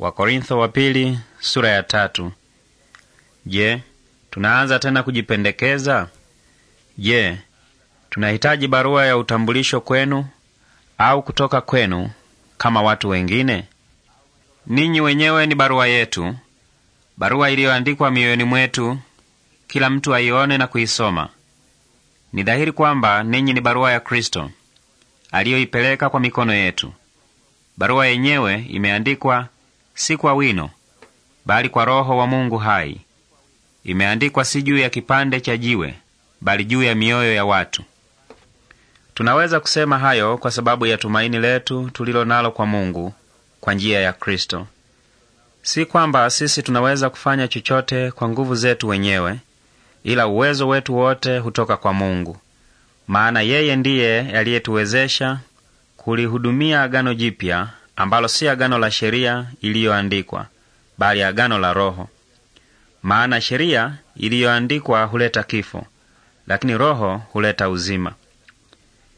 Wakorintho wa pili, sura ya tatu. Je, tunaanza tena kujipendekeza? Je, tunahitaji barua ya utambulisho kwenu au kutoka kwenu kama watu wengine? Ninyi wenyewe ni barua yetu, barua iliyoandikwa mioyoni mwetu, kila mtu aione na kuisoma. Ni dhahiri kwamba ninyi ni barua ya Kristo aliyoipeleka kwa mikono yetu. Barua yenyewe imeandikwa si kwa wino, bali kwa Roho wa Mungu hai. Imeandikwa si juu ya kipande cha jiwe, bali juu ya mioyo ya watu. Tunaweza kusema hayo kwa sababu ya tumaini letu tulilo nalo kwa Mungu kwa njia ya Kristo. Si kwamba sisi tunaweza kufanya chochote kwa nguvu zetu wenyewe, ila uwezo wetu wote hutoka kwa Mungu, maana yeye ndiye aliyetuwezesha kulihudumia agano jipya ambalo si agano la sheria iliyoandikwa, bali agano la Roho. Maana sheria iliyoandikwa huleta kifo, lakini Roho huleta uzima.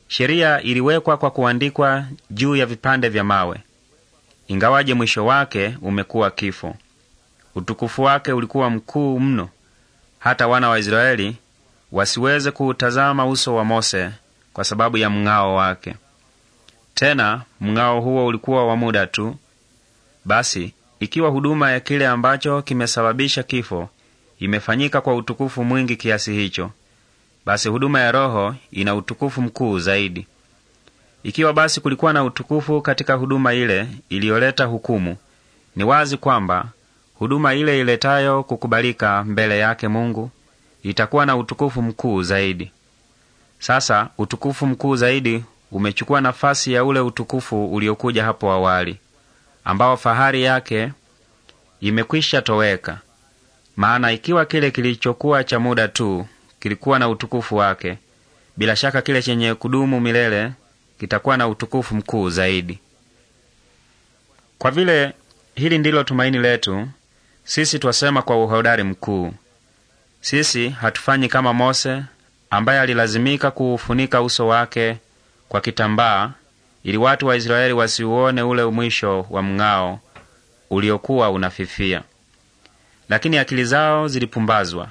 Sheria iliwekwa kwa kuandikwa juu ya vipande vya mawe, ingawaje mwisho wake umekuwa kifo. Utukufu wake ulikuwa mkuu mno, hata wana wa Israeli wasiweze kuutazama uso wa Mose kwa sababu ya mng'ao wake. Tena mng'ao huo ulikuwa wa muda tu. Basi ikiwa huduma ya kile ambacho kimesababisha kifo imefanyika kwa utukufu mwingi kiasi hicho, basi huduma ya Roho ina utukufu mkuu zaidi. Ikiwa basi kulikuwa na utukufu katika huduma ile iliyoleta hukumu, ni wazi kwamba huduma ile iletayo kukubalika mbele yake Mungu itakuwa na utukufu mkuu zaidi. Sasa utukufu mkuu zaidi umechukua nafasi ya ule utukufu uliokuja hapo awali, ambao fahari yake imekwisha toweka. Maana ikiwa kile kilichokuwa cha muda tu kilikuwa na utukufu wake, bila shaka kile chenye kudumu milele kitakuwa na utukufu mkuu zaidi. Kwa vile hili ndilo tumaini letu, sisi twasema kwa uhodari mkuu. Sisi hatufanyi kama Mose ambaye alilazimika kuufunika uso wake kwa kitambaa, ili watu wa Israeli wasiuone ule mwisho wa mng'ao uliokuwa unafifia. Lakini akili zao zilipumbazwa.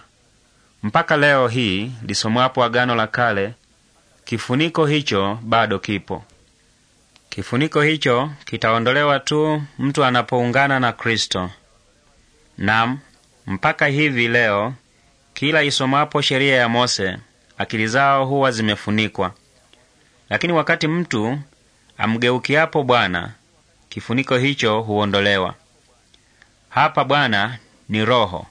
Mpaka leo hii lisomwapo Agano la Kale, kifuniko hicho bado kipo. Kifuniko hicho kitaondolewa tu mtu anapoungana na Kristo. Nam, mpaka hivi leo kila isomapo sheria ya Mose, akili zao huwa zimefunikwa. Lakini wakati mtu amgeukiapo Bwana, kifuniko hicho huondolewa. Hapa Bwana ni Roho,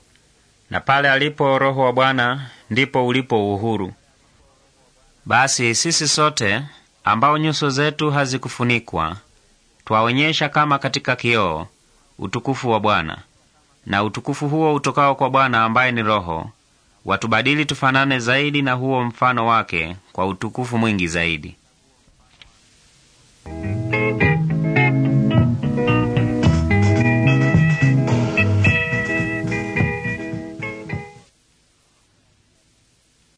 na pale alipo Roho wa Bwana ndipo ulipo uhuru. Basi sisi sote ambao nyuso zetu hazikufunikwa twaonyesha kama katika kioo utukufu wa Bwana, na utukufu huo utokao kwa Bwana ambaye ni Roho watubadili tufanane zaidi na huo mfano wake kwa utukufu mwingi zaidi.